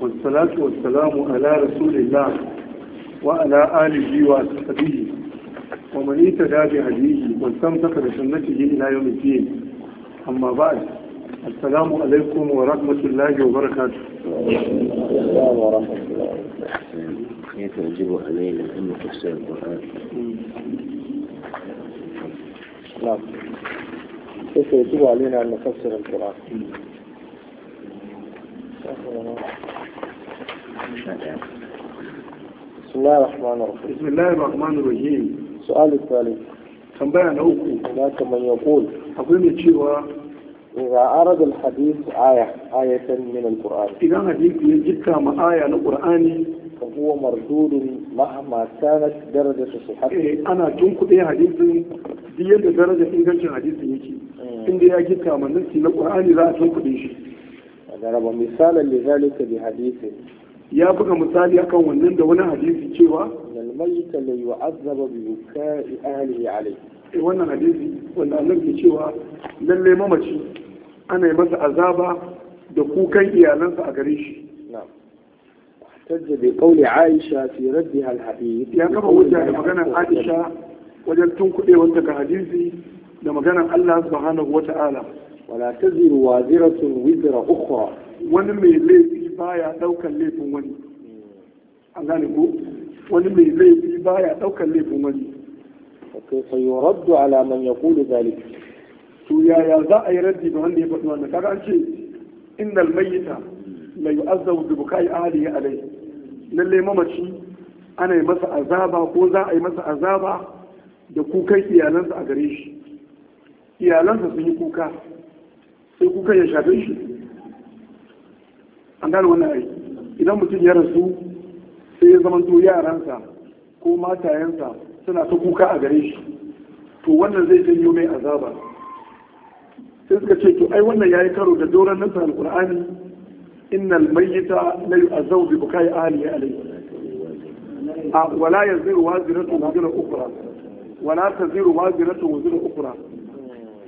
والصلاة والسلام على رسول الله وعلى آله وصحبه ومن اهتدى بهديه واستمسك بسنته إلى يوم الدين أما بعد السلام عليكم ورحمة الله وبركاته السلام ورحمة الله وبركاته كيف يجب علينا أن نفسر القرآن نعم كيف يجب علينا أن نفسر القرآن بسم الله الرحمن الرحيم بسم الله الرحمن الرحيم سؤال الثالث tambaya na أوكي na kamar يقول kul akwai إذا أرد الحديث آية آية من القرآن إذا حديث يجدك مع آية من القرآن فهو مردود مهما كانت درجة صحته أنا جنك إيه حديث دي درجة إن كان حديث يجي إن دي يجدك من نفسي القرآن لا تنقل إيه ضرب مثالا لذلك بحديث ya buga misali akan wannan da wani hadisi cewa lalmaita la yu'azzaba bi bukai ahlihi alayhi eh wannan hadisi wanda Allah ke cewa lalle mamaci ana yi masa azaba da kukan iyalansa a gare shi na'am tajja bi qawli Aisha fi raddiha al-hadith ya kafa hujja da maganar Aisha wajen tunkuɗe wanda ga hadisi da maganar Allah subhanahu wata'ala wala taziru waziratun wizra ukhra wani mai laifi baya daukan laifin wani an gane ko wani mai laifi baya daukan laifin wani kaifa yuraddu ala man yaqulu dhalik to yaya za a yi raddi ga wanda ya faɗi wannan kaga an ce innal mayyita la yu'azzabu bi bukai ahlihi alai lalle mamaci ana yi masa azaba ko za a yi masa azaba da kukan iyalansa a gare shi iyalansa sun yi kuka sai kukan ya shafe shi an gane wannan aiki. idan mutum ya rasu sai ya zamanto yaransa ko matayensa suna ta kuka a gare shi to wannan zai janyo mai azaba sai suka ce to ai wannan yayi karo da doron sa alqur'ani innal mayyita la yu'azzabu bi bukai ahlihi alayhi a wala yaziru waziratu wazira ukhra wala taziru waziratu wazira ukra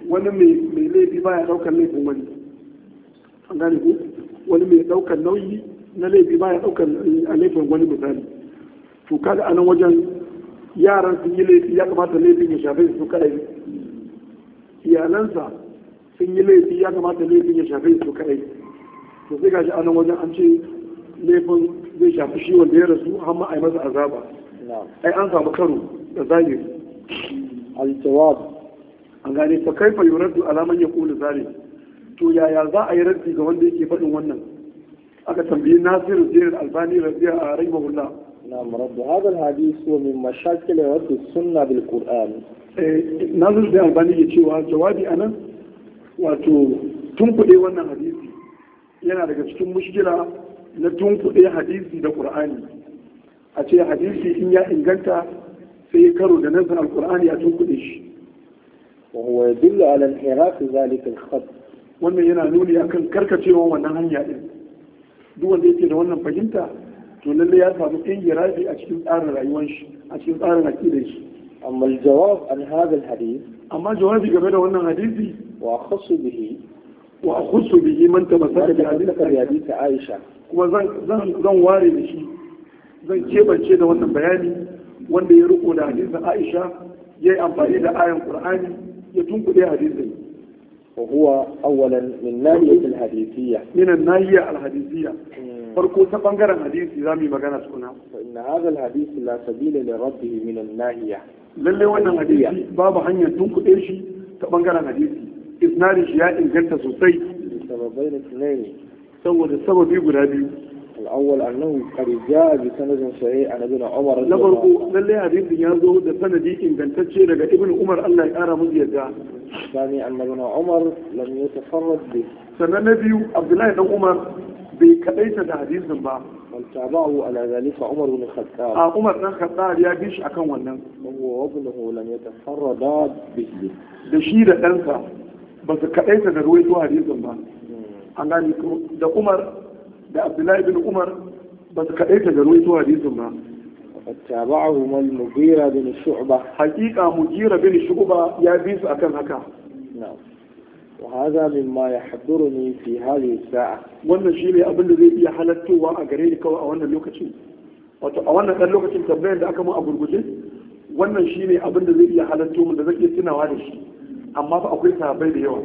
wani mai laifi baya daukar laifin wani an gane ku wani mai daukar nauyi na laifi baya daukar eh, a laifin wani misali to kaga anan wajen yaran sun yi laifi ya kamata laifin ya shafe su kadai iyalansa sun yi laifi ya kamata laifin ya shafe su kadai to sai gashi anan wajen an ce laifin zai shafi shi wanda ya rasu har ma a yi masa azaba ai an samu karo da zahiri al-jawab an gane fa kaifa yuraddu ala man yaqulu zalim to yaya za a yi raddi ga wanda yake faɗin wannan aka tambayi nasiru jirin albani radiya a rahimahullah na'am rabbu hadha alhadith wa min mashakil radd sunna bil qur'an eh nasiru jirin albani ya cewa jawabi anan wato tun kuɗe wannan hadisi yana daga cikin mushkila na tun kuɗe hadisi da qur'ani a ce hadisi in ya inganta sai karo da nazarin alqur'ani a tun kuɗe shi وهو يدل على انحراف ذلك الخط wannan yana nuni akan karkacewa wannan hanya din duk wanda yake da wannan fahimta to lalle ya samu ingirafi a cikin tsarin rayuwar shi a cikin tsarin aqidar shi amma jawab an hada hadith amma jawabi game da wannan hadisi wa khassu bihi wa akhussu bihi man tamassaka bi hadith ta Aisha kuma zan zan zan ware da shi zan kebance da wannan bayani wanda ya riko da hadisin Aisha yayi amfani da ayan Qur'ani ya tunkuɗe hadisin وهو أولا من الناحية الحديثية من الناحية الحديثية فرقو تبنغر الحديث إذا مي مغانا سكنا فإن هذا الحديث لا سبيل لرده من الناحية للي وانا حديثي بابا هنيا تنكو إيشي تبنغر الحديث إثنان شياء إنجلت سوسي لسببين اثنين سوى السبب يقول هذه الأول أنه قد جاء بسند صحيح عن ابن عمر لفرقو للي حديث ينزو ده سندي إنجلت شيء لك ابن عمر الله يقارى مزيدا الثاني أن ابن عمر لم يتفرد به سنة نبي عبد الله بن عمر بكبيت الحديث من بعض من تابعه على ذلك عمر بن الخطاب آه عمر بن الخطاب يا بيش أكون ونن هو وابنه لم يتفرد به بشير أنسى بس كبيت درويت حديث من بعض أنا ده عمر ده عبد الله بن عمر بس كبيت درويت حديث من بعض fattaba'ahum al-mughira bin shu'ba mu mughira bin shu'ba ya bi akan haka na'am wa hadha mimma yahduruni fi hadhihi sa'a wannan shine abin da zai iya halattowa a gare ni kawai a wannan lokacin wato a wannan lokacin tambayar da aka mun a gurguje wannan shine abin da zai iya mun da iya yawa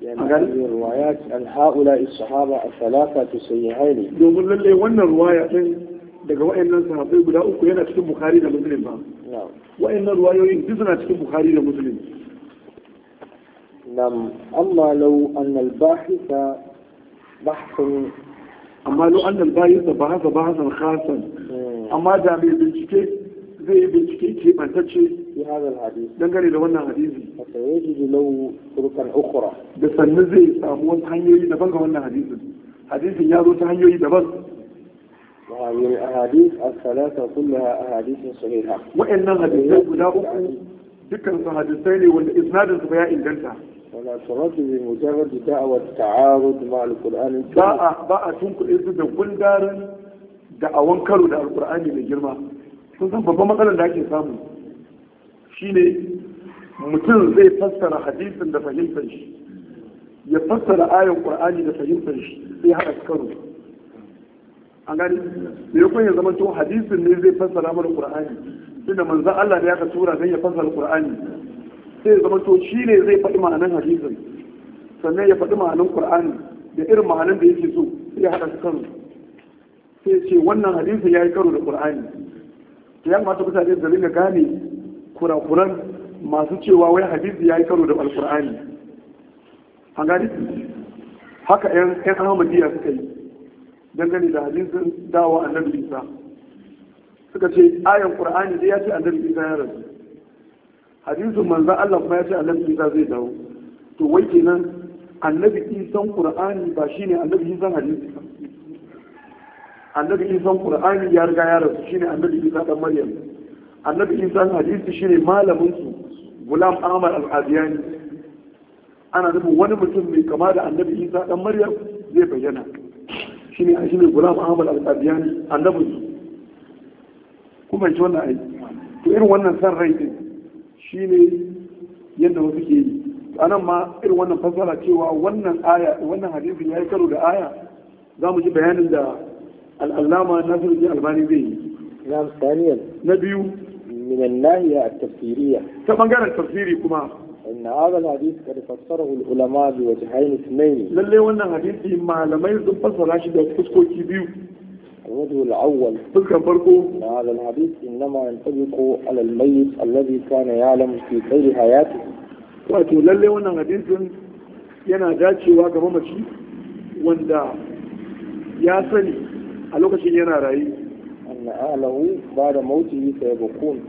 يعني روايات عن هؤلاء الصحابة الثلاثة صحيحين. يقول لي وانا رواية daga wa'annan sahabbai guda uku yana cikin bukhari da muslim ba wa'annan ruwayoyin duk suna cikin bukhari da muslim nam amma law an al bahitha bahthun amma law an al bahitha bahatha bahathan khasan hmm. amma da mai bincike zai yi bincike ke bantacce dangane da wannan hadisi fayajidu law turukan ukhra da sannan zai samu wasu hanyoyi daban ga wannan hadisin hadisin ya zo ta hanyoyi daban وهذه الأحاديث الثلاثة كلها أحاديث صحيحة وإن الحديثين لا أقوم ذكر الحديثين والإسناد الصبياء الجلسة ولا ترد بمجرد دعوة تعارض مع القرآن باء باء تنقل إذن دا كل دار دعوان كرو دا القرآن من جرمى sun babban matsalar da ake samu shine mutum zai fassara hadisin da fahimtar shi ya fassara ayon ƙur'ani da fahimtar shi sai haɗa karo an gani me yakon ya zama to hadisin ne zai fassara mana qur'ani tunda manzo Allah ne aka tura dan ya fassara qur'ani sai ya zama to shi ne zai faɗi ma'anan hadisin sannan ya faɗi ma'anan qur'ani da irin ma'anan da yake so sai ya hada su kan sai ce wannan hadisin yi karo da qur'ani to ya ta mutane da dinga gane kurakuran masu cewa wai hadisi ya yi karo da alqur'ani an gani haka ƴan yan Ahmadiyya suka yi dangane da hadisin dawa annabi isa suka ce ayan qur'ani da ya ce annabi isa ya rasu hadisin manzan Allah kuma ya ce annabi isa zai dawo to wai kenan annabi isan qur'ani ba shine annabi isan hadisi ba annabi isan qur'ani ya riga ya rasu shine annabi isa dan maryam annabi isan hadisi shine malamin su gulam ahmad al-adiyani ana nufin wani mutum mai kama da annabi isa dan maryam zai bayyana shi ne shi ne gulam ahmad al-qadiyani annabi kuma shi wannan aiki. to irin wannan san rai din shi ne yadda wasu ke yi a nan ma irin wannan fassara cewa wannan aya wannan ya yi karo da aya za mu ji bayanin da al-allama nasiruddin albani zai yi na biyu min an-nahiya at-tafsiriyya ta bangaren tafsiri kuma إن هذا الحديث قد فسره العلماء بوجهين اثنين للي وانا حديث ما لما يزن فسر عشد يتفسكو كيبيو الوجه الأول تلك فرقه هذا الحديث إنما ينطبق على الميت الذي كان يعلم في خير حياته wato lalle wannan hadisin yana dacewa ga mamaci wanda ya sani a lokacin yana rayu anna alahu ba da mauti sai bakun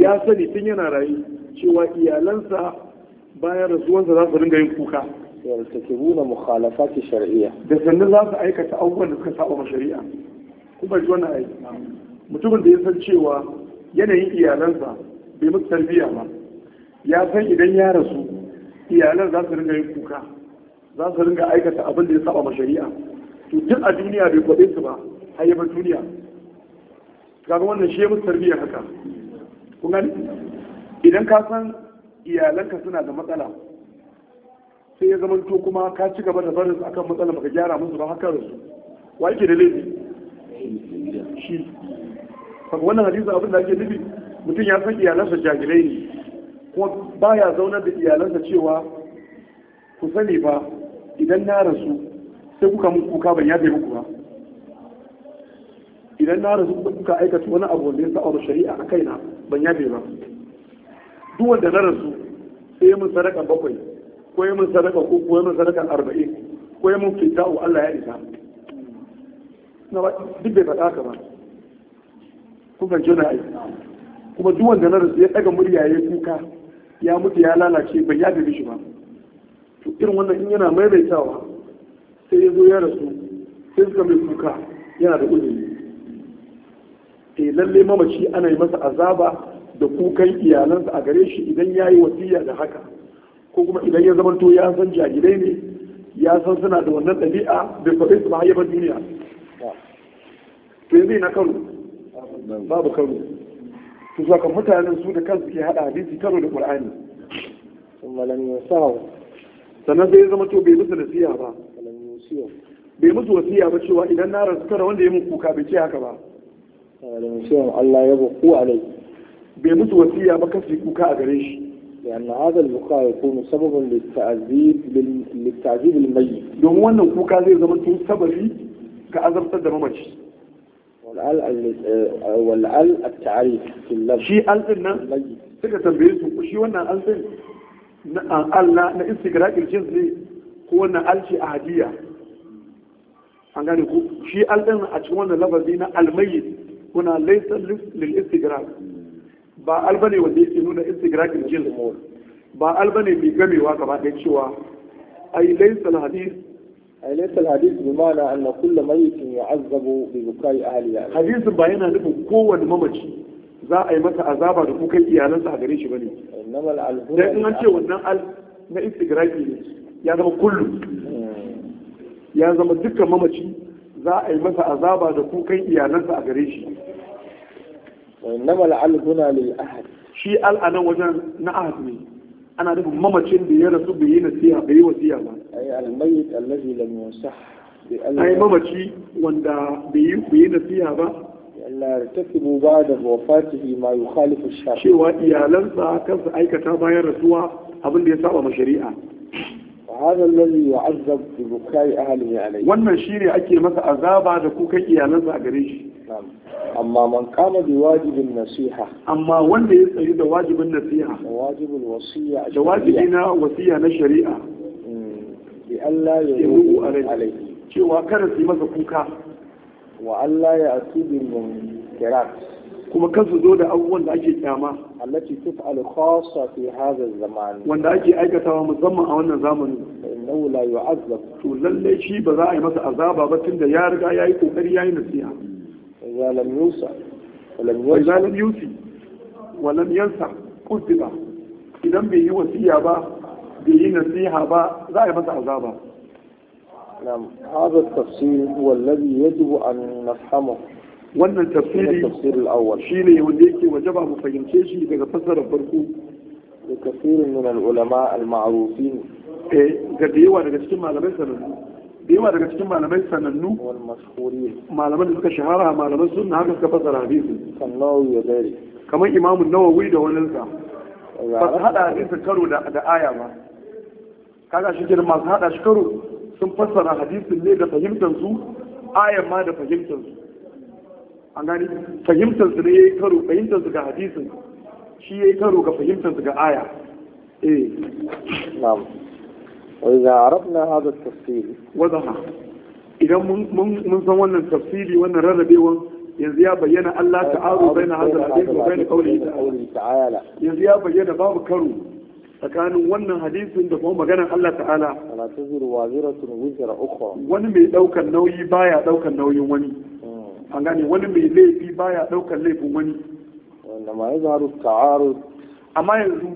ya sani tun yana rayu cewa iyalansa bayan rasuwansa za su ringa yin kuka ke yartakibuna mukhalafati shari'a. da sannan za su aikata abubuwan da suka saba ma shari'a kuma ji wannan aiki mutumin da ya san cewa yanayin iyalansa bai musu tarbiyya ba ya san idan ya rasu iyalan za su ringa yin kuka za su ringa aikata abin da ya saba ma shari'a to duk a duniya bai kwaɗe su ba hayyaban duniya kaga wannan shi ya musu tarbiyya haka kun idan ka san iyalanka suna da matsala sai ya zama to kuma ka ci gaba da barin akan matsala baka gyara musu ba haka rasu wa yake da laifi shi kaga wannan hadisi abin da ake nufi mutum ya san iyalansa jahilai ne kuma baya zaunar da iyalansa cewa ku sani ba idan na rasu sai kuka mun kuka ban ya muku ba idan na rasu kuka aikata wani abu wanda ya sa'ar shari'a a kaina ban yafe ba duk wanda na rasu sai yi min sadaka bakwai ko yi min sadaka ko ko yi min sadaka arba'in ko yi min fita'u oh, Allah ya isa na ba duk bai faɗa ka ba ku fahimci jona ai kuma duk wanda na rasu ya ɗaga murya ya kuka ya mutu ya lalace bai ya gabi shi ba to irin wannan in yana maimaitawa sai ya zo ya rasu sai suka mai kuka yana da uzuri eh lalle mamaci ana yi masa azaba da kukan iyalansa a gare shi idan ya yi wasiya da haka ko kuma idan ya zama to ya san jarirai ne ya san suna da wannan ɗabi'a da faɗi su ba duniya to yanzu na karo babu karo su saka mutanen su da kansu ke haɗa hadisi karo da Ƙur'ani. sannan zai zama to bai musu nasiya ba bai musu wasiya ba cewa idan na rasu kara wanda ya mun kuka bai ce haka ba Allah ya ku alai bai musu wasiya ba kasu kuka a gare shi لأن هذا البكاء يكون سببا للتعذيب للتعذيب الميت. دوم وانا كوكا زي زمان تقول سببي كأذب صدر ممشي. والآل والآل التعريف في اللفظ. شيء آل إن الميت. تكا تنبيز وشي وانا آل إن آل لا نإنستجراك الجنس لي هو أن آل شيء أهدية. an gane ku shi al din a cikin wannan lafazi na almayyit kuna laysa lil istigraq ba albane wanda yake nuna jil jins ba albane mai gamewa gaba ɗaya cewa ai laysa alhadith ai laysa alhadith bi ma'ana anna kullu mayyitin yu'azzabu bi bukai ahliya hadisin ba yana nufin kowane mamaci za a yi masa azaba da kuka iyalansa a gare shi bane dan in an ce wannan al na istigraqi ne ya zama kullum, ya zama dukkan mamaci za a yi masa azaba da kukan iyalansa a gare shi وإنما العل هنا للأهل شيء الأنا وجن نعهد أنا نبغى ماما تشين بيانا سب بيانا سيا بيا وسيا ما أي الميت الذي لم ينصح أي ماما تشي وندا بيو بيانا سيا با لا يرتكب بعد وفاته ما يخالف الشرع شيء وإيالن ساكن أي كتاب غير رسوا أبن بيسابة مشريعة هذا الذي يعذب ببكاء أهله عليه wannan shine ake masa azaba da kukan iyalansa a gare shi amma man kama bi wajibin nasiha amma wanda ya sayi da wajibin nasiha da wajibin wasiya da wajibi na wasiya na shari'a mm. bi Allah ya yi alaihi cewa kada su masa kuka wa Allah ya atubi min kirat kuma kan su zo da abubuwan da ake kyama allati tuf'alu khassa fi hadha zaman wanda ake aikatawa musamman a wannan zamanin innahu la yu'azzab to lalle shi ba za a yi masa azaba ba tunda ya riga yayi kokari yayi nasiha ولم يوسع ولم يوسع ولم يوسع ولم ينسع كتب idan bai yi wasiya ba bai yi nasiha ba za نعم هذا التفصيل هو الذي يجب أن نفهمه وأن التفسير التفسير الأول شيء يوديك وجب أن فهمتي شيء إذا فسر بركو لكثير من العلماء المعروفين إيه قد يوى لك شيء ما da yawa daga cikin malamai sanannu malaman da suka shahara malaman sun na haka suka fasara hadisin kamar imamun nawawi da sa? ba su haɗa hadisin karo da aya ba kaga shi kenan masu hada shi karo sun fassara hadisin ne da fahimtansu ayan ma da fahimtansu an gani fahimtansu ne ya yi karo fahimtansu ga hadisin shi ya yi karo ga fahimtansu ga aya eh وإذا عرفنا هذا التفصيل وضح إذا من سوى التفصيل وأن الرغبة yanzu ya bayyana Allah ta'aru bai na hadar hadis wa ta'ala yanzu ya bayyana babu karo tsakanin wannan hadisin da kuma maganar Allah ta'ala ala wani mai daukar nauyi baya daukar nauyin wani an gane wani mai laifi baya daukar laifin wani amma yanzu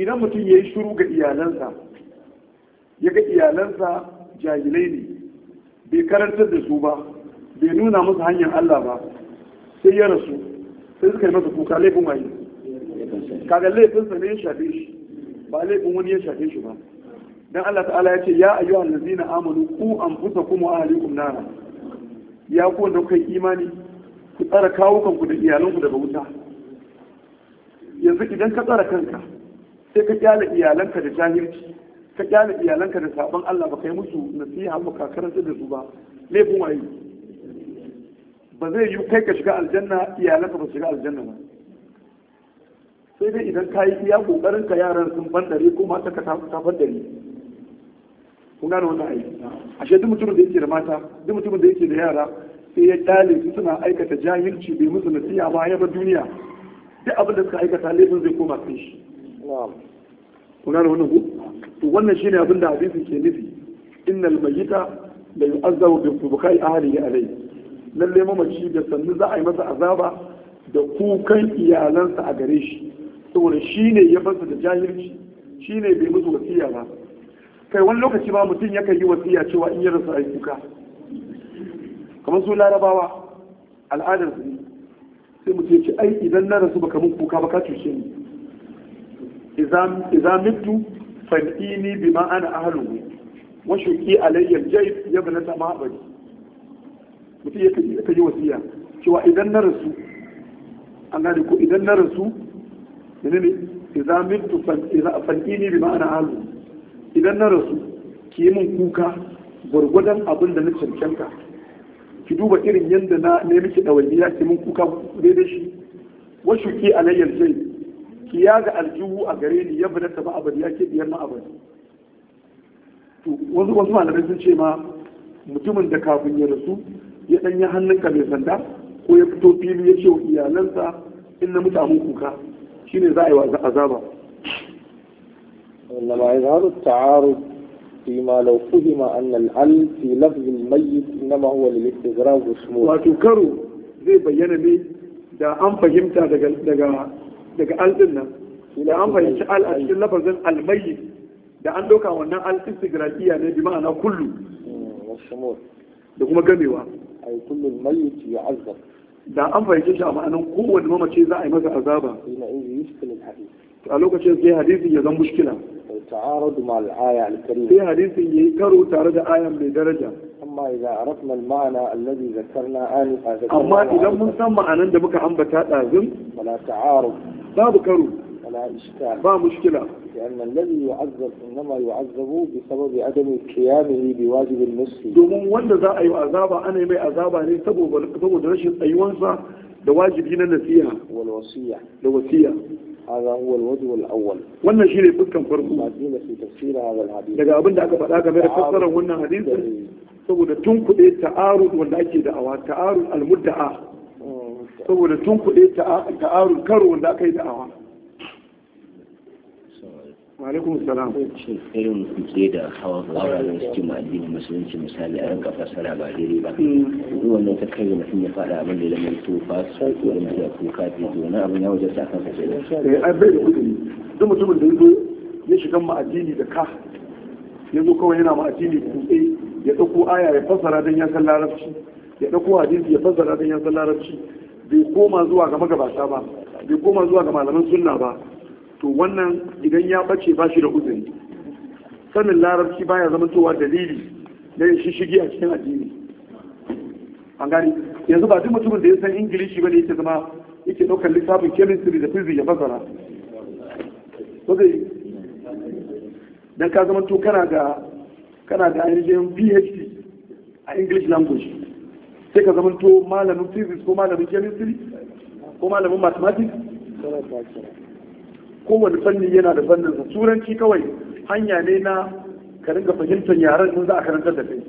idan mutum ya yi shiru ga iyalansa ya ga iyalansa jahilai ne bai karantar da su ba bai nuna musu hanyar Allah ba sai ya rasu sai suka yi masa kuka laifin waye kaga laifinsa ne ya shafe shi ba laifin wani ya shafe shi ba dan Allah ta'ala ya ce ya ayyuhal ladzina amanu ku anfusakum wa ahlikum nara ya ku wanda kai imani ku tsara kawukan ku da iyalanku daga wuta yanzu idan ka tsara kanka sai ka kyale iyalanka da jahilci ka kyale iyalanka da sabon Allah ba kai musu nasiha ba ka karanta da su ba laifin waye ba zai yi kai ka shiga aljanna iyalanka ba shiga aljanna ba sai dai idan ka yi iya kokarin ka yaran sun dare ko mata ka ta dare kun gane wannan aiki ashe duk mutumin da yake da mata duk mutumin da yake da yara sai ya kyale su suna aikata jahilci bai musu nasiha ba ya ba duniya duk abin da suka aikata laifin zai koma kai shi kunan da ku to wannan shine abin da hadisi ke nufi innal mayyita la yu'azzabu bi fubukai ahlihi alayhi lalle mamaci da sannu za a yi masa azaba da kukan iyalansa a gare shi saboda shi ne ya fasa da jahilci shi bai musu wasiya ba kai wani lokaci ba mutum yakan yi wasiya cewa in ya rasa ai kuka kamar su larabawa al'adar su ne sai mutum ya ce ai idan na rasu baka mun kuka ba ka cuce ni idza mittu fadini bima ana ahluhu wa shuki alayya jayb yabna tamabari mutum ya yi wasiya cewa idan na rasu an gane ko idan na rasu ne ne idza mittu fadini bima ana ahluhu idan na rasu ki yi min kuka gwargwadon abin da na cancanta ki duba irin yadda na nemi ki ɗawainiya ki min kuka daidai shi wasu ki alayyar jai. ki ya ga aljihu a gare ni ya bada ta ba abadi ya ke biyar ma'abadi to wasu wasu malamai sun ce ma mutumin da kafin ya rasu ya dan yi hannunka mai sanda ko ya fito fili ya ce wa iyalansa in na mutanen kuka shine za a yi wa azaba إنما يظهر التعارض فيما لو فهم أن الأل في لفظ الميت إنما هو للاستغراب والشمول. وتكروا زي bayyana ne da an fahimta daga daga alɗin nan an fahimci al a cikin lafazin almayyi da an ɗauka wannan al istigrafiya ne bi ma'ana kullu da kuma gamewa kullu almayyi yu'azzab da an fahimci shi a ma'anan kowanne mamace za a yi masa azaba a lokacin sai hadisin ya zama muskila ta'aradu ma sai hadisin yayi karo tare da ayan mai daraja amma idan maana alladhi zakarna an fa idan mun san ma'anan da muka ambata dazin wala ta'arud باب كرو على الاشكال باب مشكله لان الذي يعذب انما يعذب بسبب عدم قيامه بواجب المسلم دومون وندا ذا اي عذاب انا مي عذاب ني سبب سبب رشي ايوانسا da wajibi na nasiha walwasiya da wasiya hada huwa alwajib alawwal wannan shine fuskan farko da zai nasi tafsira hadal hadith daga abinda aka faɗa game da fassarar wannan hadisi saboda tun kuɗe ta'arud wanda ake da awa ta'arud al-mudda'a saboda tun kuɗe ta'arun karo wanda aka yi da'awa Malaikun salam. Irin kuke da hawan auranen suke ma'adini musulunci misali a ranka fasara ba daidai ba. Ni wannan ta kai mutum ya faɗa abin da ya zama to fa sai ko wani da ko kafi to na abin ya wajen sa kansa sai. Eh ai bai da kudi. Duk mutumin da yazo ya shiga ma'adini da ka yazo kawai yana ma'adini kuɗe ya ɗauko aya ya fasara don ya san larabci ya ɗauko hadisi ya fasara don ya san larabci bai koma zuwa ga magabata ba bai koma zuwa ga malaman sunna ba to wannan idan ya bace ba shi da uzuri sanin larabci baya zamantowa dalili na yin shishigi a cikin addini an gani yanzu ba duk mutumin da ya san ingilishi ba ne yake zama yake ɗaukar littafin chemistry da physics ya fasara ko zai dan ka zama to kana ga kana da ainihin phd a english language sai ka zamanto malamin physics ko malamin chemistry ko malamin mathematics kowane fanni yana da fannin sa turanci kawai hanya ne na ka ringa fahimtar yaren in za a karantar da kai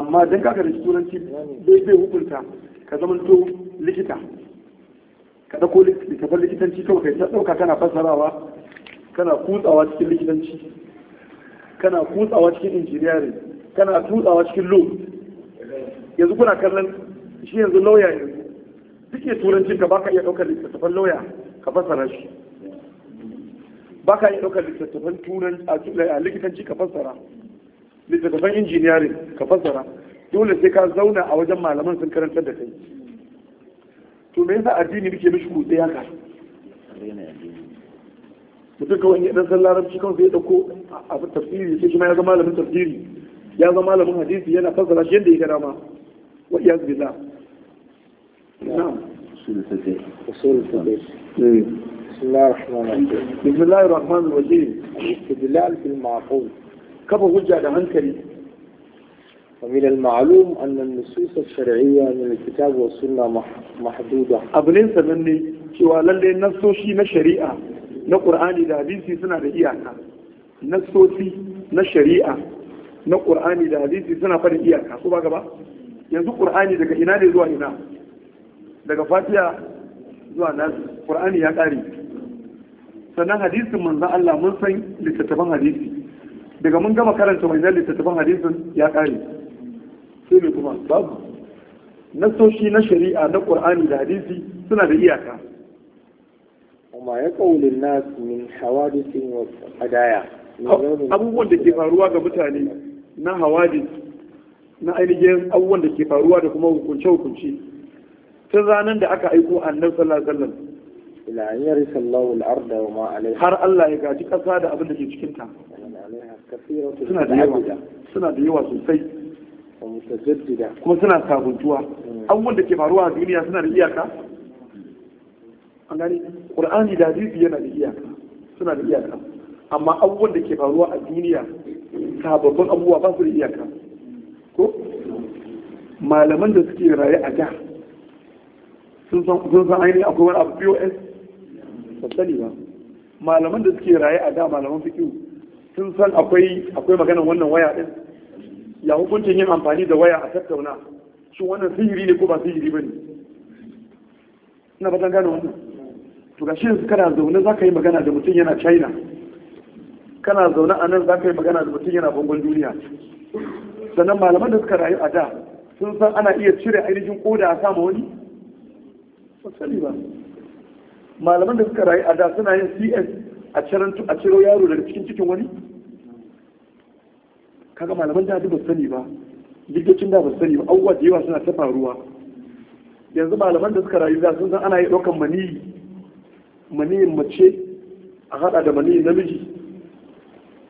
amma don ka karanci turanci bai bai hukunta ka zamanto likita ka ɗauko littafin likitanci kawai kai ta ɗauka kana fassarawa kana kutsawa cikin likitanci kana kutsawa cikin injiniyari kana kutsawa cikin lo yanzu kuna kallon shi yanzu lauya yanzu duk turanci ka baka iya ɗaukar littattafan lauya ka fassara shi baka iya ɗaukar littattafan turanci a likitanci ka fassara littattafan injiniyarin ka fassara dole sai ka zauna a wajen malaman sun karantar da kai to me yasa addini muke mishi kutse haka mutum kawai ya dan san larabci kawai sai ya dauko a tafsiri sai shi ma ya zama malamin tafsiri ya zama malamin hadisi yana fassara shi yadda ya ga dama wa iyaz billah na'am usul fiqh usul fiqh بسم الله الرحمن الرحيم بسم الله الرحمن الرحيم الاستدلال بالمعقول كما وجه هنكري ومن المعلوم أن النصوص الشرعية من الكتاب والسنة محدودة أبنين سنني cewa lallai nassoshi na shari'a na ƙur'ani da hadisi suna da iyaka nassoshi na shari'a na ƙur'ani da hadisi suna fara iyaka ko ba gaba yanzu ƙur'ani daga ina ne zuwa ina daga fatiya zuwa nasu, ƙur'ani ya ƙare. sannan hadisin manzan Allah mun san littattafan hadisi daga mun gama karanta wannan littattafan hadisin ya ƙare. sai mai kuma babu nasoshi na shari'a na ƙur'ani da hadisi suna da iyaka ƙaunin nasu الناس من wasu وقضايا abubuwan da ke faruwa ga mutane na hawadis na ainihin abubuwan da ke faruwa da kuma hukunce-hukunce ta zanen da aka aiko annabi sallallahu alaihi wasallam ila an al-arda wa ma alaiha har Allah ya gaji kasa da abin da ke cikin ta suna da yawa suna da yawa sosai kuma suna sabuntuwa hmm. abubuwan da ke faruwa a duniya suna da iyaka an gani qur'ani da hadisi yana da iyaka suna da iyaka amma abubuwan da ke faruwa a duniya sababbin abubuwa ba su da iyaka ko malaman da suke raye a da sun san ainihin akwai wani abu pos sassani ba malaman da suke raye a da malaman fikiyu sun san akwai akwai wannan waya din ya hukuncin yin amfani da waya a tattauna shi wannan sihiri ne ko ba sihiri ba ne ina ba gano wannan to ga shi yanzu kana zaune za ka yi magana da mutum yana china kana zaune a nan za ka yi magana da mutum yana bangon duniya sannan malaman da suka rayu a da sun san ana iya cire ainihin koda a sama wani sani ba malaman da suka rayu a da suna yin cs a ciro yaro daga cikin cikin wani kaga malaman da ba sani ba likitocin da ba sani ba abubuwa da yawa suna ta faruwa yanzu malaman da suka rayu da sun san ana yi ɗaukan maniyi maniyin mace a haɗa da maniyin namiji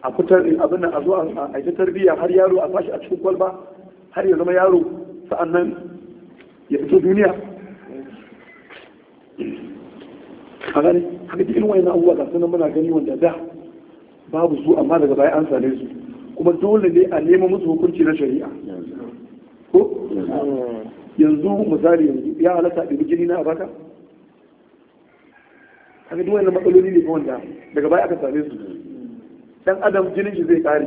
a fitar abin nan a zo a aiki tarbiyya har yaro a fashi a cikin kwalba har ya zama yaro sa'annan ya fito duniya a gani haka cikin wani abubuwa ga sunan muna gani wanda da babu su amma daga baya an same su kuma dole ne a nema musu hukunci na shari'a ko yanzu misali yanzu ya halatta ɗin jini na a baka haka duk wani matsaloli ne wanda daga baya aka same su dan adam jinin shi zai kare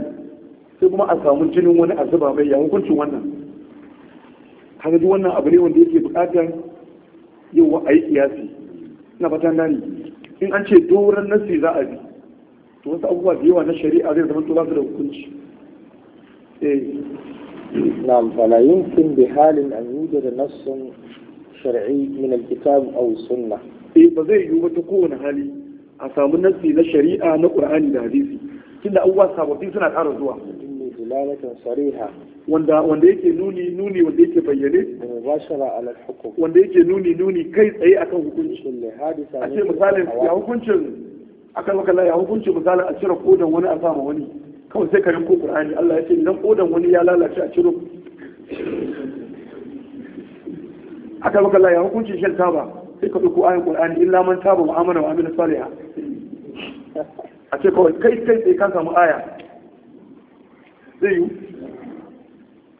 sai kuma a samu jinin wani a zuba mai ya hukuncin wannan kaga duk wannan abu ne wanda yake bukatar yau a yi kiyasi na fatan gani in an ce doron nasi za a bi to wasu abubuwa da yawa na shari'a zai zama to ba su da hukunci نعم فلا يمكن بحال أن يوجد نص شرعي من الكتاب أو السنة إيه بزي يوم تكون هالي أسامنا في الشريعة نقرآن الحديث tunda abubuwa sababbi suna ƙara zuwa sariha wanda wanda yake nuni nuni wanda yake bayyane ala hukum wanda yake nuni nuni kai tsaye akan hukuncin ne hadisa a ce misalin ya hukuncin akan wakala ya hukuncin misalin a cire kodan wani a sama wani kawai sai karin ko qur'ani Allah ya ce idan kodan wani ya lalace a ciro akan wakala ya hukuncin shan taba sai ka dauko ayan qur'ani illa man taba wa amana wa amila salihah a ce kawai kai kai sai ka samu aya zai yi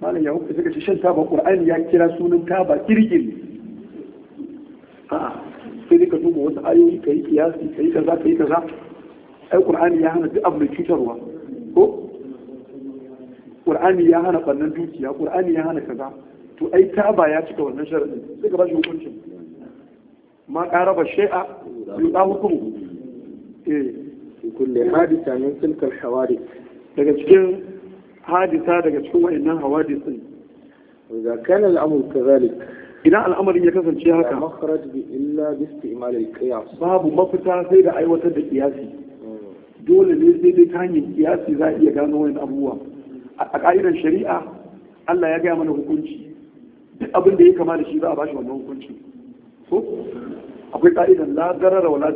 malam ya hukunta suka ce shan taba ƙur'ani ya kira sunan taba kirgin a'a sai dai ka duba wasu ayoyi ka yi kiyasi ka yi kaza ka yi kaza ai ƙur'ani ya hana duk abu mai cutarwa ko ƙur'ani ya hana ɓannan dukiya ƙur'ani ya hana kaza to ai taba ya cika wannan sharaɗin sai ka ba shi hukuncin ma ƙaraba shai'a yuɗa hukumu eh kulle hadisa min tilkal Hawari. daga cikin hadisa daga cikin wayannan hawadis sun idza kana al'amur kazalik idan al'amarin ya kasance haka makharaj bi illa bi istimal al-qiyas babu mafita sai da aiwatar da qiyasi dole ne sai dai ta hanyar za a iya gano wani abubuwa a ka'idar shari'a Allah ya gaya mana hukunci duk abin da ya kama da shi za a bashi wannan hukunci ko akwai ƙa'idar la garara wa la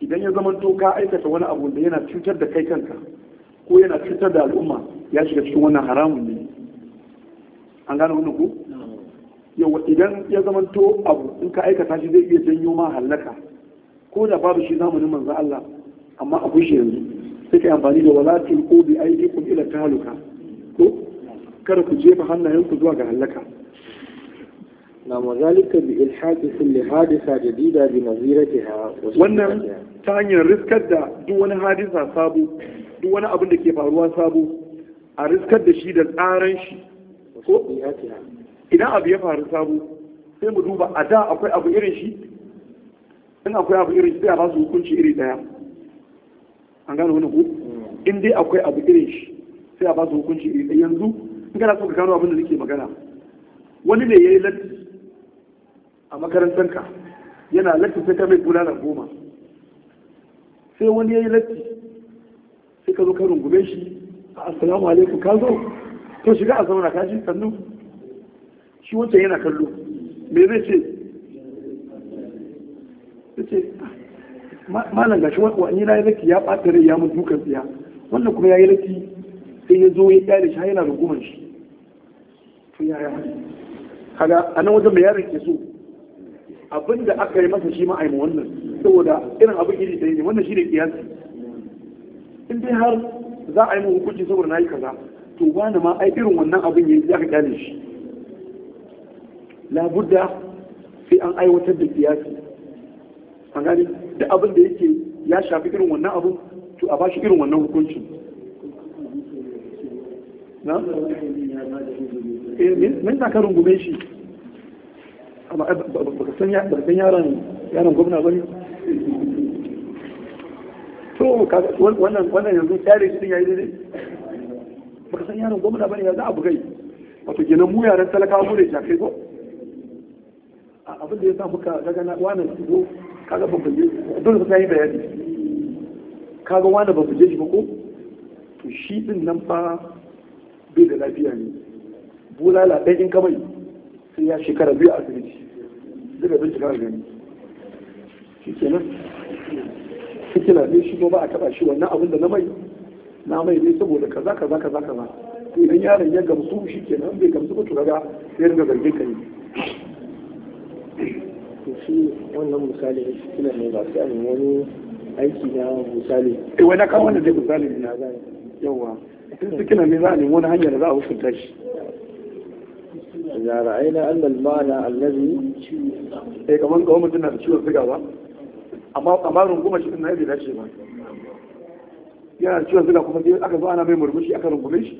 idan ya zama to ka aikata wani abu da yana cutar da kai kanka ko yana cutar da al'umma ya shiga cikin wannan haramun ne an gane wannan ku yawa idan ya zama to abu in ka aikata shi zai iya janyo ma halaka ko da babu shi zamanin manzo Allah amma akwai shi yanzu sai kai amfani da wala ko bi aydikum ila taluka ko kada ku jefa hannayenku zuwa ga halaka na mazalika bi ilhaqi kulli hadisa بنظيرتها bi naziratiha wannan ta hanyar riskar da duk wani hadisa sabo duk wani abin da ke faruwa sabo a riskar da shi da tsaran shi abu ya faru sabo sai mu duba a da akwai abu irin shi in akwai abu irin shi sai a ba su hukunci iri daya an gano wani ku in dai akwai abu irin shi sai a ba su hukunci iri daya yanzu in kana so ka gano abin da nake magana wani ne yayi yi a ka yana latti sai ka mai da goma sai wani ya yi latti sai ka zo ka rungume shi assalamu alaikum ka zo to shiga a zauna ka shi sannu shi wancan yana kallo me zai ce ce malam shi wani na yi latti ya ɓata rai ya mun dukan tsiya wannan kuma ya yi latti sai ya zo ya kyale shi yana rungumar shi to yaya kaga a nan wajen mai yaron ke so abin da aka yi masa shi ma aimu wannan saboda irin abin iri da ne wannan shi ne kiyasi in dai har za a yi mu hukunci saboda na yi kaza to wani ma ai irin wannan abin yayi za ka kyale shi labudda sai an aiwatar da kiyasi an gani da abin da yake ya shafi irin wannan abu to a bashi irin wannan hukuncin na? Eh, min ka rungume shi amma eh, baka san yaron yaron gwamna bane to wannan wannan yanzu tare shi din yayi daidai baka san yaron gwamna bane ya za a bugai wato kenan mu yaran talakawa mu ne shafe ko abin da ya sa muka daga na wannan su kaga ba ku je dole sai bayani kaga wani ba ku je shi ba ko to shi din nan fa bai da lafiya ne bulala ɗan in kamai sai ya shekara biyu a asibiti duka bincika a gani shi shi ke ne shi ba a taɓa shi wannan abin da na mai na mai ne saboda kaza kaza kaza kaza idan yaron ya gamsu shi nan bai gamsu ba to kaga sai ringa zargin ka ne shi wannan misali ne shi ne ba sai an wani aiki na misali eh wani kan wanda zai misali ne na yawa sai sikila ne za a nemi wani hanya da za a hukunta shi إذا رأينا أن المعنى الذي إيه كمان قوم الدنيا بتشوف الفجأة بقى أما أما رنقوم شيء إنه يبي لاشي ما يا تشوف الفجأة كم تيجي أكل أنا مين مرمشي أكل رنقومش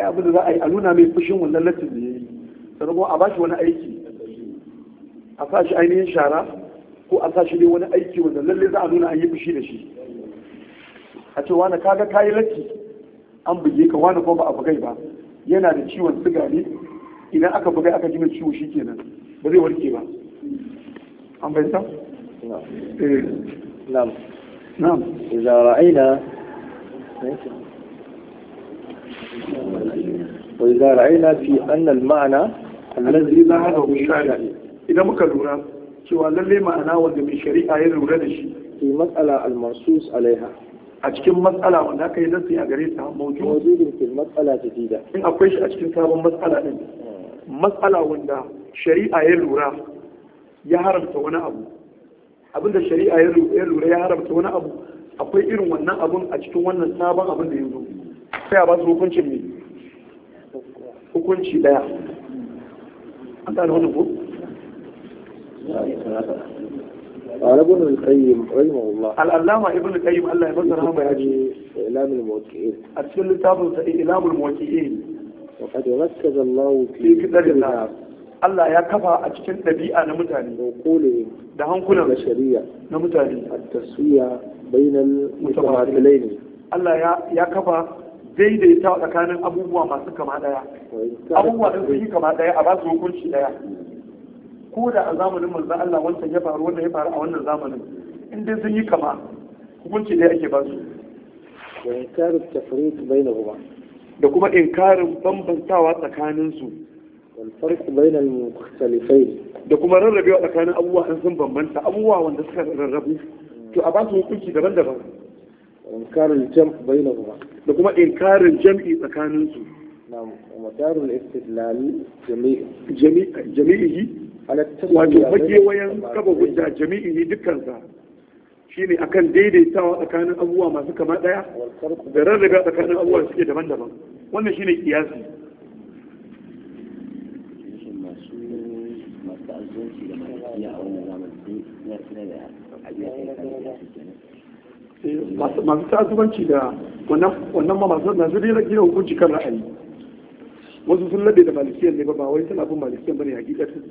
أي أبدا ذا أي ألونا مين بشوم ولا لا تبي أباش وأنا أيكي أفاش أينين شارع ko a sashi ne wani aiki wanda lalle za a nuna an yi fushi da shi a ce wani kaga kayi latti an buge ka wani ko ba a bugai ba yana da ciwon siga ne idan aka buga aka ji mai ciwo shi kenan ba zai warke ba an bai sa? Eh. na'am na'am idza ra'ayna wa idza ra'ayna fi anna al-ma'na alladhi zahabahu shari'a idan muka lura cewa lalle ma'ana wanda mai shari'a ya lura da shi fi mas'ala al-mansus alaiha a cikin matsala wanda aka yi nasi a gare ta mawujudin fil matsala ta jida. in akwai shi a cikin sabon matsala din hmm. matsala wanda shari'a ya lura ya haramta wani abu abinda shari'a ya lura ya haramta wani abu akwai irin wannan abun a cikin wannan sabon abin da ya zo sai a ba su hukuncin mai hukunci daya an gane wani ko قال ابن القيم رحمه الله العلامة ابن القيم الله A cikin يا إعلام الموكئين أتسلم تابل إعلام الموكئين وقد ركز الله في كتاب الناس Allah ya kafa a cikin ɗabi'a na mutane da hankulan bashariya na mutane a taswiya bainal mutawakilai ne Allah ya kafa daidaita tsakanin abubuwa masu kama daya abubuwa da su yi kama daya a basu hukunci daya ko da a zamanin manzon Allah wancan ya faru wanda ya faru a wannan zamanin in sun yi kama hukunci daya ake basu. ba su wa inkaru tafriq bainahuma da kuma inkarin bambantawa tsakaninsu da kuma rarrabewa tsakanin abubuwa an sun bambanta abubuwa wanda suka rarrabu to a ba su hukunci daban-daban inkarin jam bainahuma da kuma inkarin jam'i tsakaninsu na'am madarul istidlal jami'i jami'i jami'i ala wato fagewayen kaba guda jami'i dukkan sa shine akan daidaitawa tsakanin abubuwa masu kama daya da rarraga tsakanin abubuwa suke daban-daban wannan shine kiyasi eh, masu ta'azubanci da wannan ma masu na zuri rage hukunci kan ra'ayi wasu sun labe da malikiyar ne ba ba wai suna bin malikiyar bane hakikatin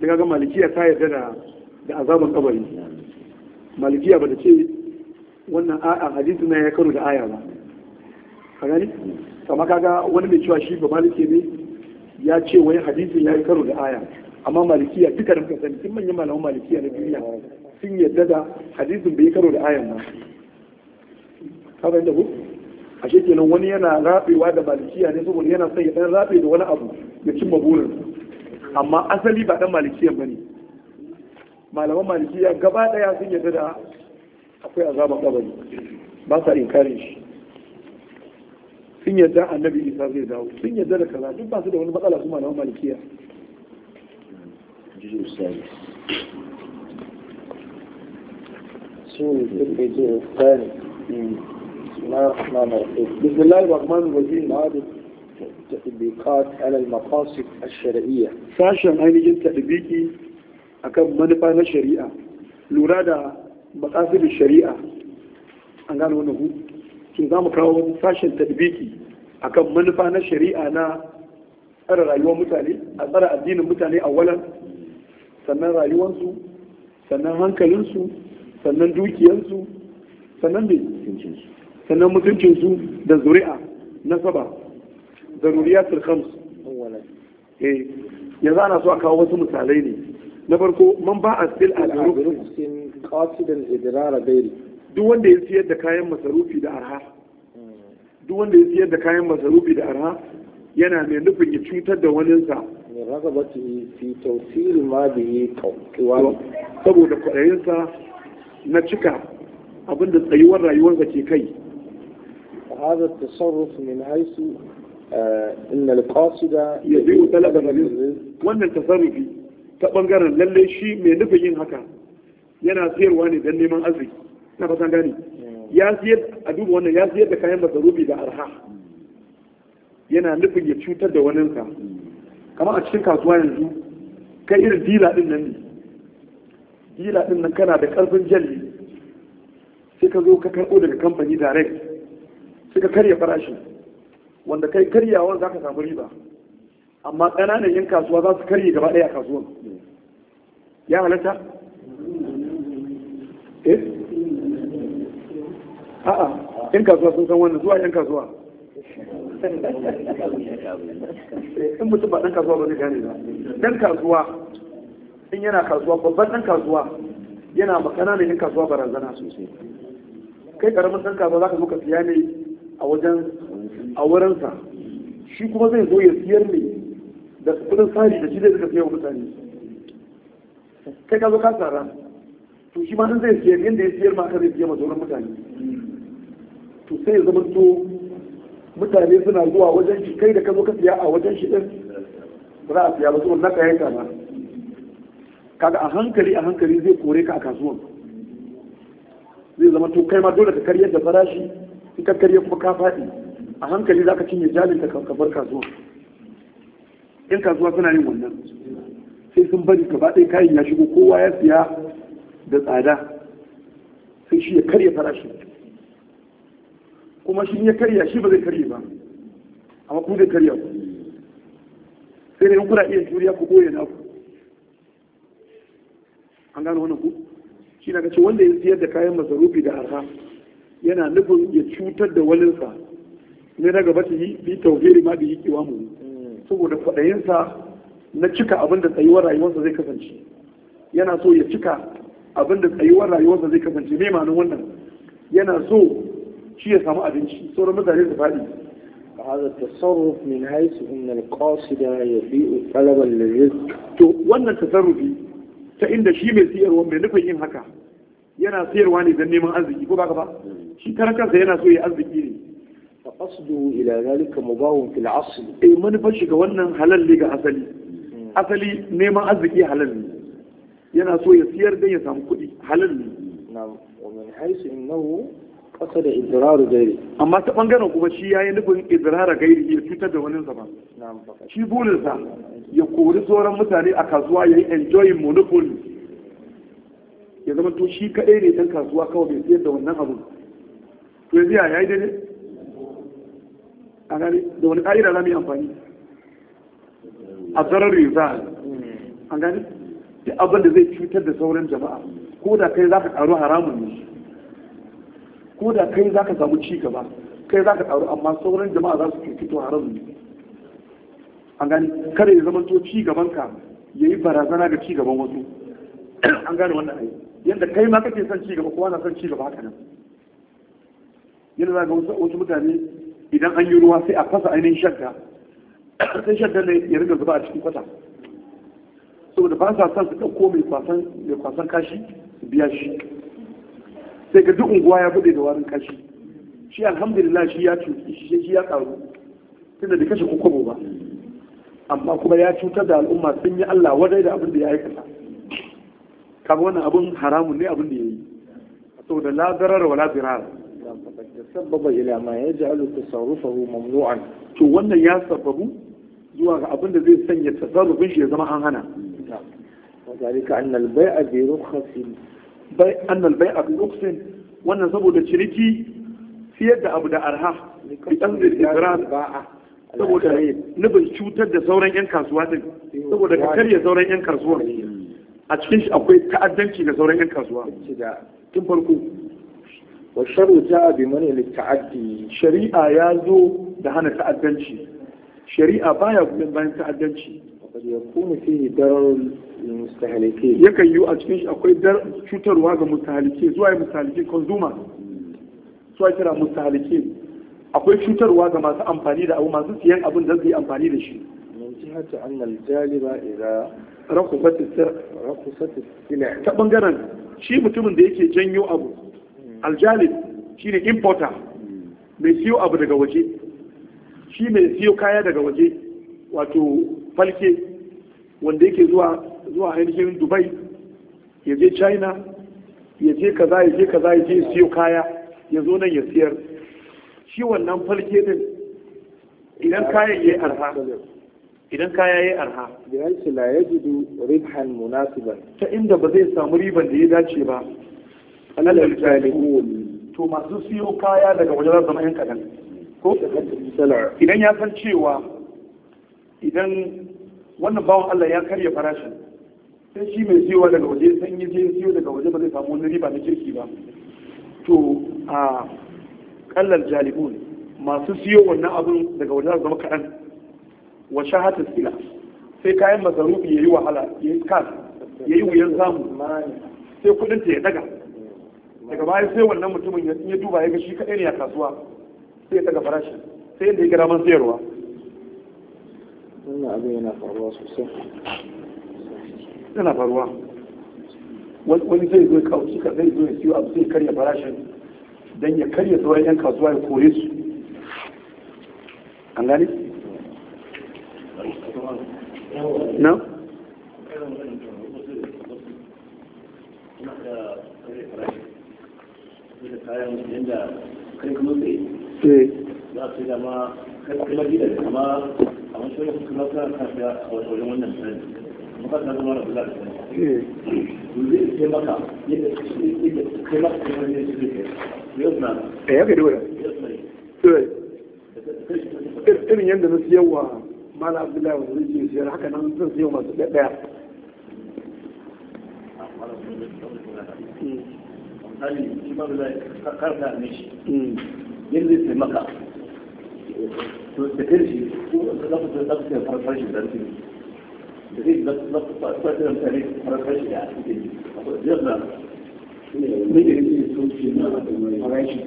daga ga malikiyar ta yarda da azaban kabari malikiya ba ta ce wannan a hadisi na ya karu da aya ba ka gani kama kaga wani mai cewa shi ba maliki ne ya ce wai hadisin ya yi karo da aya amma malikiya duka da sani sun manyan malaman malikiya na duniya sun yadda da hadisin bai karo da ayan ba ka ga da ku ashe kenan wani yana rabewa da malikiya ne saboda yana son ya dan rabe da wani abu ya cimma burin amma asali ba dan ba bane malaman malikiya gaba daya sun yadda da akwai azaba kabari ba sa inkarin shi sun yadda annabi isa zai dawo sun yadda da kaza duk ba su da wani matsala su malaman malikiya بسم الله الرحمن الرحيم هذا التطبيقات على المقاصد الشرعية فاشن هاي جنت تطبيقي akan manufa na shari'a lura da matsafin shari'a an gano wani hu sun za mu kawo sashen tadbiki akan manufa na shari'a na tsara rayuwar mutane a tsara addinin mutane a walan sannan rayuwarsu sannan hankalinsu sannan dukiyarsu sannan mai sannan mutuncinsu da zuri'a nasaba zaruriyatul khams eh yanzu ana so a kawo wasu misalai ne na farko man ba a sil al arufin duk wanda ya siyar da kayan masarufi da arha duk wanda ya siyar da kayan masarufi da arha yana mai nufin ya cutar da waninsa saboda kwaɗayinsa na cika abinda tsayuwar rayuwarsa ke kai هذا التصرف من حيث ان القاصد يبيع طلب الرزق وان التصرف ta bangaren lalle shi mai nufin yin haka yana siyarwa ne don neman arziki na fatan gani ya siyar a duba wannan ya siyar da kayan masarufi da arha yana nufin ya cutar da waninsa kamar a cikin kasuwa yanzu kai irin dila din nan ne dila din nan kana da karfin jalli sai ka zo ka karɓo daga kamfani direct sai ka karya farashi wanda kai karyawan za ka samu riba amma ƙananan yin kasuwa za su karye gaba ɗaya kasuwan ya halatta eh a'a yin kasuwa sun san wannan zuwa yin kasuwa in mutum ba ɗan kasuwa ba zai gane ba ɗan kasuwa in yana kasuwa babban ɗan kasuwa yana ma ƙananan yin kasuwa barazana sosai kai ƙaramin ɗan kasuwa za ka zo ka siya ne a wajen a wurinsa shi kuma zai zo ya siyar ne da kudin sari da shi zai rika siya wa mutane kai ka zo ka tsara to shi ma in zai siyar yadda ya siyar ma ka zai siya ma sauran mutane to sai ya zama to mutane suna zuwa wajen shi kai da ka zo ka siya a wajen shi ɗin ba za a siya ba saboda naka yanka ba kaga a hankali a hankali zai kore ka a kasuwan zai zama to kai ma dole ka karyar da farashi in ka karya kuma ka faɗi a hankali za ka cinye jalinta ka bar kasuwan yan kasuwa suna yin wannan sai sun bari ka baɗe kayan ya shigo kowa ya siya da tsada sai shi ya karya farashi kuma shi ya karya shi ba zai karya ba amma kuma zai karya ku sai dai kuna iya juriya ku koya ku, an gano wannan ku shi na ce wanda ya siyar da kayan masarufi da arha yana nufin ya cutar da walinsa ne na gaba ta yi bi tauhiri ma da yi kiwa mu saboda kwaɗayinsa na cika abinda tsayuwar rayuwarsa zai kasance yana so ya cika abinda tsayuwar rayuwarsa zai kasance mai ma'anin wannan yana so shi ya samu abinci sauran mutane su faɗi هذا التصرف من حيث أن القاصد يبيع طلبا للرزق to wannan tasarrufi ta inda shi mai siyarwa mai nufin yin haka yana siyarwa ne don neman arziki ko baka ba hmm. shi tarakarsa yana so ya arziki ne فقصده الى ذلك مباوم في العصر اي من فشي ga wannan halal ga asali asali neman arziki halal yana so ya siyar dan ya samu kuɗi halal ne na'am wa min haythu innahu qasad idrar amma ta bangaren kuma shi yayi nufin idrar gairi ya cutar da wani zaman ya kori sauran mutane a kasuwa yayi enjoying monopoly ya zama to shi kaɗai ne dan kasuwa kawai bai siyar da wannan abu to yaya yayi daidai a gane da wani ƙa'ida za mu yi amfani a zarar riza a gane duk abin da zai cutar da sauran jama'a ko da kai za ka ƙaru haramun ne ko da kai za ka samu ci gaba kai za ka ƙaru amma sauran jama'a za su cutu to haramun ne an gane kada ya zama to ci gaban ka ya yi barazana ga ci gaban wasu an gane wannan ai yadda kai ma kake son ci gaba kowa na son ci gaba haka nan yadda za ga wasu mutane idan an yi ruwa sai a fasa ainihin shadda sai shadda ne ya riga zuba a cikin kwata saboda ba sa son su ɗauko mai kwasan kashi su biya shi sai ga duk unguwa ya buɗe da warin kashi shi alhamdulillah shi ya cuci shi ya ƙaru tunda da kashe kukwabo ba amma kuma ya cutar da al'umma sun yi Allah wadai da abin da ya aikata kaga wannan abin haramun ne abin da ya yi saboda la darara wa la فقد تسبب إلى ما يجعل تصرفه ممنوعا to wannan ya sababu zuwa ga abin da zai sanya tasarrufin shi ya zama an hana وذلك أن البيع برخص بيع أن البيع برخص wannan saboda ciniki siyar da abu da arha bidan zirgirar saboda nufin cutar da sauran 'yan kasuwa din saboda ka karya sauran 'yan kasuwa a cikin shi akwai ta'addanci da sauran 'yan kasuwa tun farko wa sharu ja'a bi man ta'addi shari'a ya zo da hana ta'addanci shari'a baya goyon bayan ta'addanci kad yakunu fihi dararul mustahalike yakan yi a cikin shi akwai cutarwa ga mustahalike zuwa ya mustahalike consumer zuwa kira mustahalike akwai cutarwa ga masu amfani da abu masu siyan abin da zai amfani da shi min jihati annal jaliba idza rakubat rakubat ta bangaren shi mutumin da yake janyo abu aljalib shi ne importer mai siyo abu daga waje shi mai siyo kaya daga waje wato falke wanda yake zuwa zuwa ainihin dubai ya je china ya je kaza ya je kaza ya je siyo kaya ya zo nan ya siyar shi wannan falke din idan kayan ya yi arha idan kaya ya yi arha biyan la ya ribhan munasiban ta inda ba zai samu riban da ya dace ba to masu siyo kaya daga wajen zama yan kadan ko idan ya san cewa idan wannan bawan Allah ya karya farashin sai shi mai siyowa daga waje san yi je siyo daga waje ba zai samu wani riba na kirki ba to a kallar jalihun masu siyo wannan abun daga wajen zama kadan wa shahatul sila sai kayan masarufi yayi wahala yayi kas yayi wuyan samu sai kudin ta ya daga daga baya sai wannan mutumin ya ya duba ya ga shi kadai ne a kasuwa sai ya daga farashi sai inda ya gara man sayarwa wannan abin yana faruwa sosai yana faruwa wani zai zo ka shi ka zai zo ya siyo abu sai karya farashin dan ya karya sauran yan kasuwa ya kore su an gane na kayan kuma eh. kama a wani shirin kuma sa kafiya a irin yadda na siyarwa mala abdullahi wa zuri siyar haka nan zan siyar masu ɗaya misali shi ba zai karka ne shi mm. yin zai sai maka to da kai shi ko za ku za ku farfar shi da shi da zai za ku da kai farfar shi da shi da zai ne ne ne so shi na da mai shi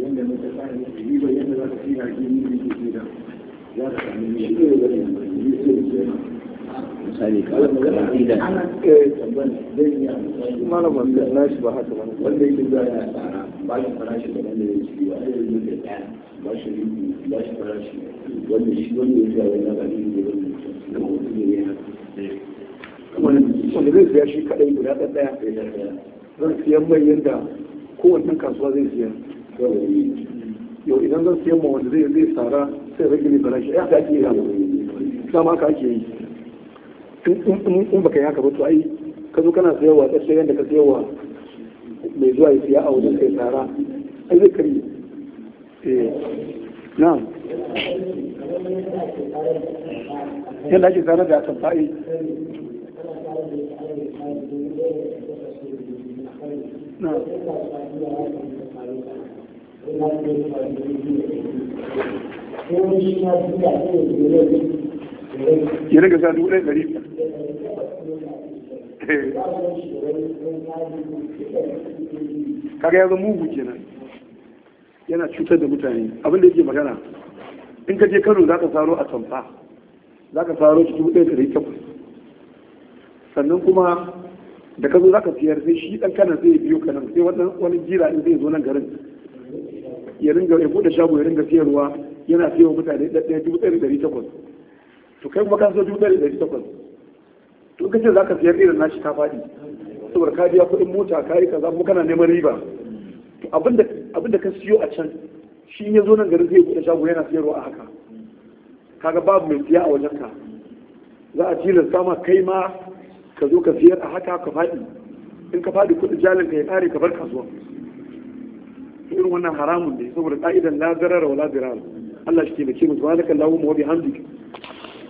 yanda muka tsara ne yi ba yanda za ka tsira gini ne ke da ya ka ne shi ne da ne ne misali kamar kamar idan malama na shi ba haka wanda yake tsara ba shi farashi da wanda ya ba da ɗaya ba shi ba shi farashi wanda shi wanda ya ba da wanda ya wanda zai siya shi kaɗai guda ɗaya zan siyan mai yadda kasuwa zai siya yau idan zan siyan ma wanda zai tsara sai rage ne farashi ya ka ake yi dama ka ake yi in baka yi haka ba to ai ka zo kana sayarwa tsashe yadda ka sayarwa mai zuwa ya siya a wajen kai tsara ai zai kari eh, na yadda ake tsara da atamfa'i na ya sa dubu ɗaya ɗari kaga ya zama mugu kenan yana cutar da mutane abin da yake magana in ka je kano za ka saro a tamfa za ka saro shi dubu ɗaya ɗari takwas sannan kuma da ka zo za ka siyar sai shi ɗan kanan zai biyo kanan sai wani jira in zai zo nan garin ya ringa ya buɗe shago ya ringa siyarwa yana siyarwa mutane ɗaya dubu ɗaya ɗari takwas to kai kuma ka so dubu ɗaya ɗari takwas to kace za ka siyar irin nashi ka faɗi saboda ka biya kuɗin mota ka yi kaza kuma kana neman riba to abinda ka siyo a can shi ya zo nan garin zai buɗe shago yana siyarwa a haka kaga babu mai siya a wajen ka za a tilasta ma kai ma ka zo ka siyar a haka ka faɗi in ka faɗi kuɗin jalin ka ya ƙare ka bar kasuwa irin wannan haramun ne saboda ƙa'idan la zarara wa la Allah shi ke da ke mutu da zaka mawabi hamdi.